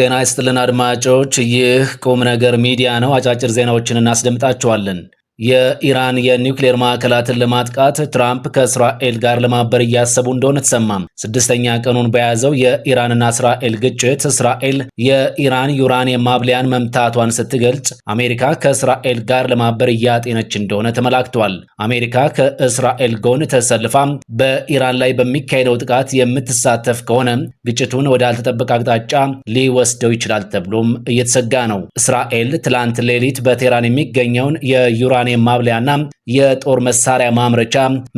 ጤና ይስጥልን አድማጮች፣ ይህ ቁም ነገር ሚዲያ ነው። አጫጭር ዜናዎችን እናስደምጣችኋለን። የኢራን የኒውክሌር ማዕከላትን ለማጥቃት ትራምፕ ከእስራኤል ጋር ለማበር እያሰቡ እንደሆነ ተሰማ። ስድስተኛ ቀኑን በያዘው የኢራንና እስራኤል ግጭት እስራኤል የኢራን ዩራኒየም ማብሊያን መምታቷን ስትገልጽ አሜሪካ ከእስራኤል ጋር ለማበር እያጤነች እንደሆነ ተመላክቷል። አሜሪካ ከእስራኤል ጎን ተሰልፋ በኢራን ላይ በሚካሄደው ጥቃት የምትሳተፍ ከሆነ ግጭቱን ወደ አልተጠበቀ አቅጣጫ ሊወስደው ይችላል ተብሎም እየተሰጋ ነው። እስራኤል ትላንት ሌሊት በቴህራን የሚገኘውን የዩራን የዩራኒየም ማብለያና የጦር መሳሪያ ማምረቻ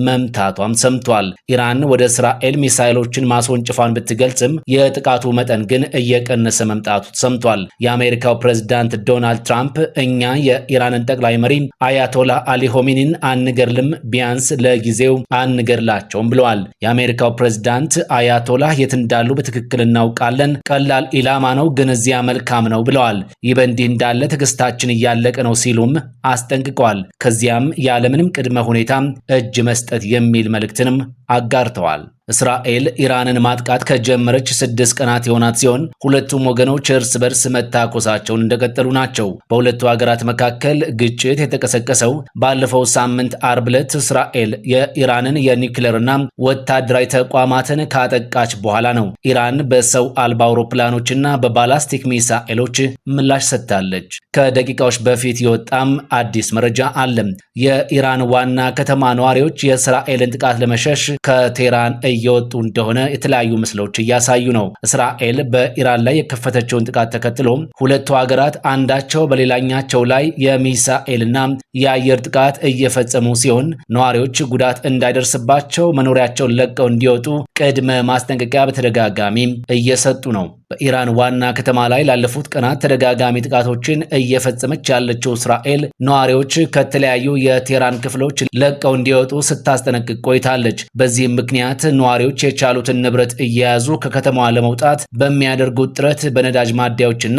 መምታቷም ሰምቷል። ኢራን ወደ እስራኤል ሚሳይሎችን ማስወንጭፏን ብትገልጽም የጥቃቱ መጠን ግን እየቀነሰ መምጣቱ ሰምቷል። የአሜሪካው ፕሬዝዳንት ዶናልድ ትራምፕ እኛ የኢራንን ጠቅላይ መሪ አያቶላ አሊ ሆሚኒን አንገርልም ቢያንስ ለጊዜው አንገርላቸውም ብለዋል። የአሜሪካው ፕሬዝዳንት አያቶላ የት እንዳሉ በትክክል እናውቃለን፣ ቀላል ኢላማ ነው፣ ግን እዚያ መልካም ነው ብለዋል። ይህ በእንዲህ እንዳለ ትዕግስታችን እያለቀ ነው ሲሉም አስጠንቅቀዋል። አቅርበዋል። ከዚያም ያለምንም ቅድመ ሁኔታ እጅ መስጠት የሚል መልእክትንም አጋርተዋል። እስራኤል ኢራንን ማጥቃት ከጀመረች ስድስት ቀናት የሆናት ሲሆን ሁለቱም ወገኖች እርስ በርስ መታኮሳቸውን እንደቀጠሉ ናቸው። በሁለቱ ሀገራት መካከል ግጭት የተቀሰቀሰው ባለፈው ሳምንት አርብ ዕለት እስራኤል የኢራንን የኒውክሌርና ወታደራዊ ተቋማትን ካጠቃች በኋላ ነው። ኢራን በሰው አልባ አውሮፕላኖችና በባላስቲክ ሚሳኤሎች ምላሽ ሰጥታለች። ከደቂቃዎች በፊት የወጣም አዲስ መረጃ አለም የኢራን ዋና ከተማ ነዋሪዎች የእስራኤልን ጥቃት ለመሸሽ ከቴራን እየወጡ እንደሆነ የተለያዩ ምስሎች እያሳዩ ነው። እስራኤል በኢራን ላይ የከፈተችውን ጥቃት ተከትሎ ሁለቱ ሀገራት አንዳቸው በሌላኛቸው ላይ የሚሳኤልና የአየር ጥቃት እየፈጸሙ ሲሆን ነዋሪዎች ጉዳት እንዳይደርስባቸው መኖሪያቸውን ለቀው እንዲወጡ ቅድመ ማስጠንቀቂያ በተደጋጋሚ እየሰጡ ነው። በኢራን ዋና ከተማ ላይ ላለፉት ቀናት ተደጋጋሚ ጥቃቶችን እየፈጸመች ያለችው እስራኤል ነዋሪዎች ከተለያዩ የቴህራን ክፍሎች ለቀው እንዲወጡ ስታስጠነቅቅ ቆይታለች። በዚህም ምክንያት ነዋሪዎች የቻሉትን ንብረት እየያዙ ከከተማዋ ለመውጣት በሚያደርጉት ጥረት በነዳጅ ማደያዎችና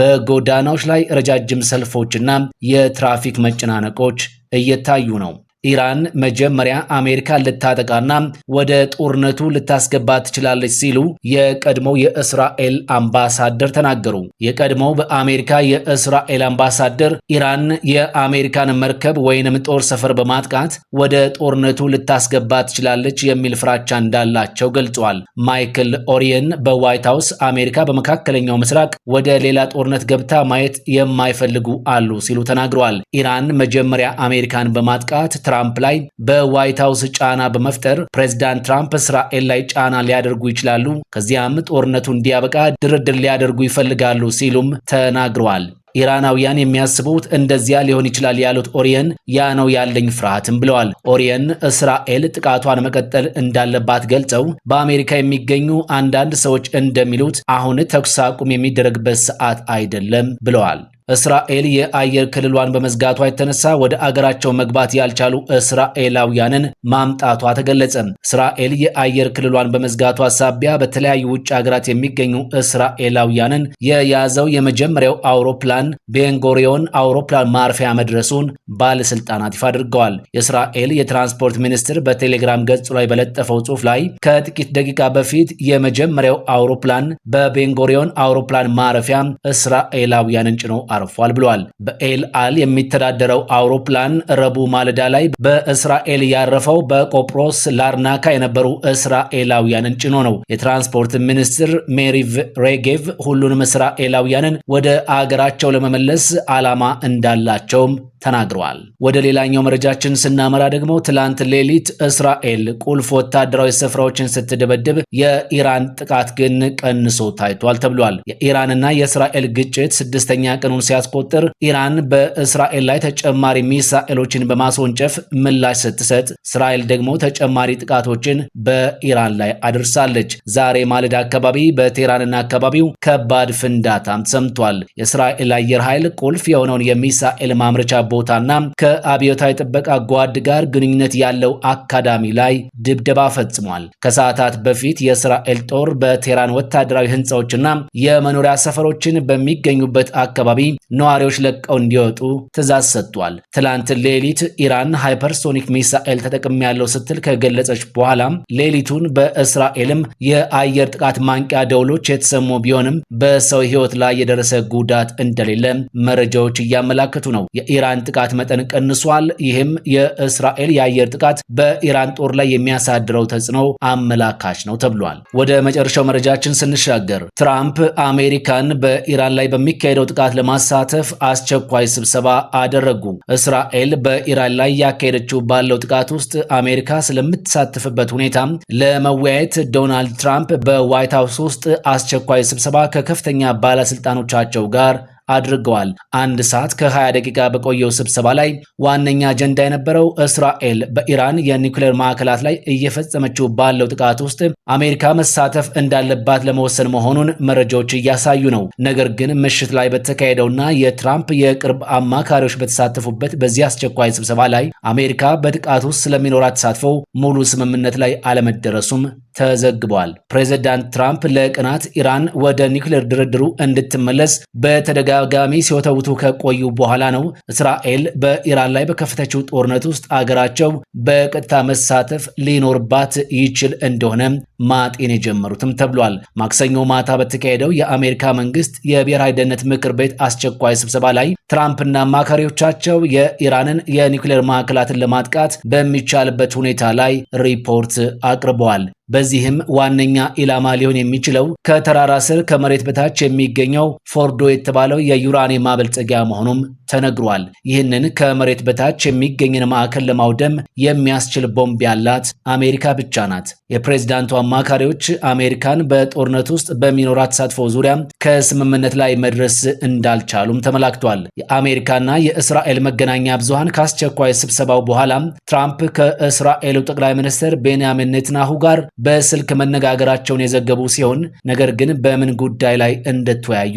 በጎዳናዎች ላይ ረጃጅም ሰልፎችና የትራፊክ መጨናነቆች እየታዩ ነው። ኢራን መጀመሪያ አሜሪካን ልታጠቃና ወደ ጦርነቱ ልታስገባ ትችላለች ሲሉ የቀድሞው የእስራኤል አምባሳደር ተናገሩ። የቀድሞው በአሜሪካ የእስራኤል አምባሳደር ኢራን የአሜሪካን መርከብ ወይንም ጦር ሰፈር በማጥቃት ወደ ጦርነቱ ልታስገባ ትችላለች የሚል ፍራቻ እንዳላቸው ገልጿል። ማይክል ኦሪየን በዋይት ሀውስ አሜሪካ በመካከለኛው ምስራቅ ወደ ሌላ ጦርነት ገብታ ማየት የማይፈልጉ አሉ ሲሉ ተናግረዋል። ኢራን መጀመሪያ አሜሪካን በማጥቃት ትራምፕ ላይ በዋይት ሀውስ ጫና በመፍጠር ፕሬዚዳንት ትራምፕ እስራኤል ላይ ጫና ሊያደርጉ ይችላሉ፣ ከዚያም ጦርነቱ እንዲያበቃ ድርድር ሊያደርጉ ይፈልጋሉ ሲሉም ተናግረዋል። ኢራናውያን የሚያስቡት እንደዚያ ሊሆን ይችላል ያሉት ኦሪየን ያ ነው ያለኝ ፍርሃትም ብለዋል። ኦሪየን እስራኤል ጥቃቷን መቀጠል እንዳለባት ገልጸው በአሜሪካ የሚገኙ አንዳንድ ሰዎች እንደሚሉት አሁን ተኩስ አቁም የሚደረግበት ሰዓት አይደለም ብለዋል። እስራኤል የአየር ክልሏን በመዝጋቷ የተነሳ ወደ አገራቸው መግባት ያልቻሉ እስራኤላውያንን ማምጣቷ ተገለጸ። እስራኤል የአየር ክልሏን በመዝጋቷ ሳቢያ በተለያዩ ውጭ ሀገራት የሚገኙ እስራኤላውያንን የያዘው የመጀመሪያው አውሮፕላን ቤንጎሪዮን አውሮፕላን ማረፊያ መድረሱን ባለስልጣናት ይፋ አድርገዋል። የእስራኤል የትራንስፖርት ሚኒስትር በቴሌግራም ገጹ ላይ በለጠፈው ጽሑፍ ላይ ከጥቂት ደቂቃ በፊት የመጀመሪያው አውሮፕላን በቤንጎሪዮን አውሮፕላን ማረፊያ እስራኤላውያንን ጭኖ አርፏል ብለዋል። በኤል አል የሚተዳደረው አውሮፕላን ረቡዕ ማለዳ ላይ በእስራኤል ያረፈው በቆጵሮስ ላርናካ የነበሩ እስራኤላውያንን ጭኖ ነው። የትራንስፖርት ሚኒስትር ሜሪቭ ሬጌቭ ሁሉንም እስራኤላውያንን ወደ አገራቸው ለመመለስ ዓላማ እንዳላቸውም ተናግረዋል። ወደ ሌላኛው መረጃችን ስናመራ ደግሞ ትላንት ሌሊት እስራኤል ቁልፍ ወታደራዊ ስፍራዎችን ስትደበድብ የኢራን ጥቃት ግን ቀንሶ ታይቷል ተብሏል። የኢራንና የእስራኤል ግጭት ስድስተኛ ቀኑን ሲያስቆጥር ኢራን በእስራኤል ላይ ተጨማሪ ሚሳኤሎችን በማስወንጨፍ ምላሽ ስትሰጥ፣ እስራኤል ደግሞ ተጨማሪ ጥቃቶችን በኢራን ላይ አድርሳለች። ዛሬ ማለዳ አካባቢ በቴህራንና አካባቢው ከባድ ፍንዳታም ሰምቷል። የእስራኤል አየር ኃይል ቁልፍ የሆነውን የሚሳኤል ማምረቻ ቦታና ከአብዮታዊ ጥበቃ ጓድ ጋር ግንኙነት ያለው አካዳሚ ላይ ድብደባ ፈጽሟል። ከሰዓታት በፊት የእስራኤል ጦር በቴህራን ወታደራዊ ህንፃዎችና የመኖሪያ ሰፈሮችን በሚገኙበት አካባቢ ነዋሪዎች ለቀው እንዲወጡ ትዕዛዝ ሰጥቷል። ትላንት ሌሊት ኢራን ሃይፐርሶኒክ ሚሳኤል ተጠቅም ያለው ስትል ከገለጸች በኋላም ሌሊቱን በእስራኤልም የአየር ጥቃት ማንቂያ ደውሎች የተሰሙ ቢሆንም በሰው ህይወት ላይ የደረሰ ጉዳት እንደሌለ መረጃዎች እያመላከቱ ነው። የኢራን የኢራን ጥቃት መጠን ቀንሷል። ይህም የእስራኤል የአየር ጥቃት በኢራን ጦር ላይ የሚያሳድረው ተጽዕኖ አመላካች ነው ተብሏል። ወደ መጨረሻው መረጃችን ስንሻገር ትራምፕ አሜሪካን በኢራን ላይ በሚካሄደው ጥቃት ለማሳተፍ አስቸኳይ ስብሰባ አደረጉ። እስራኤል በኢራን ላይ ያካሄደችው ባለው ጥቃት ውስጥ አሜሪካ ስለምትሳተፍበት ሁኔታ ለመወያየት ዶናልድ ትራምፕ በዋይት ሀውስ ውስጥ አስቸኳይ ስብሰባ ከከፍተኛ ባለስልጣኖቻቸው ጋር አድርገዋል። አንድ ሰዓት ከ20 ደቂቃ በቆየው ስብሰባ ላይ ዋነኛ አጀንዳ የነበረው እስራኤል በኢራን የኒውክሌር ማዕከላት ላይ እየፈጸመችው ባለው ጥቃት ውስጥ አሜሪካ መሳተፍ እንዳለባት ለመወሰን መሆኑን መረጃዎች እያሳዩ ነው። ነገር ግን ምሽት ላይ በተካሄደውና የትራምፕ የቅርብ አማካሪዎች በተሳተፉበት በዚህ አስቸኳይ ስብሰባ ላይ አሜሪካ በጥቃት ውስጥ ስለሚኖራት ተሳትፎ ሙሉ ስምምነት ላይ አለመደረሱም ተዘግቧል። ፕሬዚዳንት ትራምፕ ለቀናት ኢራን ወደ ኒውክሌር ድርድሩ እንድትመለስ በተደጋጋሚ ሲወተውቱ ከቆዩ በኋላ ነው እስራኤል በኢራን ላይ በከፈተችው ጦርነት ውስጥ አገራቸው በቀጥታ መሳተፍ ሊኖርባት ይችል እንደሆነ ማጤን የጀመሩትም ተብሏል። ማክሰኞ ማታ በተካሄደው የአሜሪካ መንግስት የብሔራዊ ደህንነት ምክር ቤት አስቸኳይ ስብሰባ ላይ ትራምፕና አማካሪዎቻቸው የኢራንን የኒውክሌር ማዕከላትን ለማጥቃት በሚቻልበት ሁኔታ ላይ ሪፖርት አቅርበዋል። በዚህም ዋነኛ ኢላማ ሊሆን የሚችለው ከተራራ ስር ከመሬት በታች የሚገኘው ፎርዶ የተባለው የዩራኒየም ማበልጸጊያ መሆኑም ተነግሯል። ይህንን ከመሬት በታች የሚገኝን ማዕከል ለማውደም የሚያስችል ቦምብ ያላት አሜሪካ ብቻ ናት። የፕሬዝዳንቷ አማካሪዎች አሜሪካን በጦርነት ውስጥ በሚኖራት ተሳትፎ ዙሪያ ከስምምነት ላይ መድረስ እንዳልቻሉም ተመላክቷል። የአሜሪካና የእስራኤል መገናኛ ብዙሃን ከአስቸኳይ ስብሰባው በኋላ ትራምፕ ከእስራኤሉ ጠቅላይ ሚኒስትር ቤንያሚን ኔትናሁ ጋር በስልክ መነጋገራቸውን የዘገቡ ሲሆን ነገር ግን በምን ጉዳይ ላይ እንደተወያዩ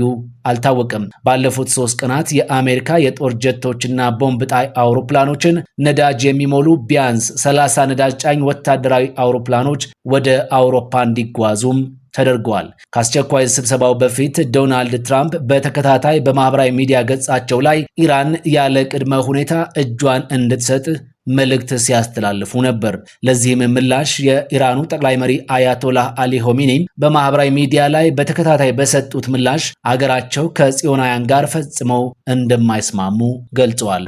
አልታወቀም። ባለፉት ሶስት ቀናት የአሜሪካ የጦር ጀቶችና ቦምብ ጣይ አውሮፕላኖችን ነዳጅ የሚሞሉ ቢያንስ 30 ነዳጅ ጫኝ ወታደራዊ አውሮፕላኖች ወደ አውሮፓ እንዲጓዙም ተደርጓል። ከአስቸኳይ ስብሰባው በፊት ዶናልድ ትራምፕ በተከታታይ በማህበራዊ ሚዲያ ገጻቸው ላይ ኢራን ያለ ቅድመ ሁኔታ እጇን እንድትሰጥ መልእክት ሲያስተላልፉ ነበር። ለዚህም ምላሽ የኢራኑ ጠቅላይ መሪ አያቶላህ አሊ ሆሚኒ በማህበራዊ ሚዲያ ላይ በተከታታይ በሰጡት ምላሽ አገራቸው ከጽዮናውያን ጋር ፈጽመው እንደማይስማሙ ገልጸዋል።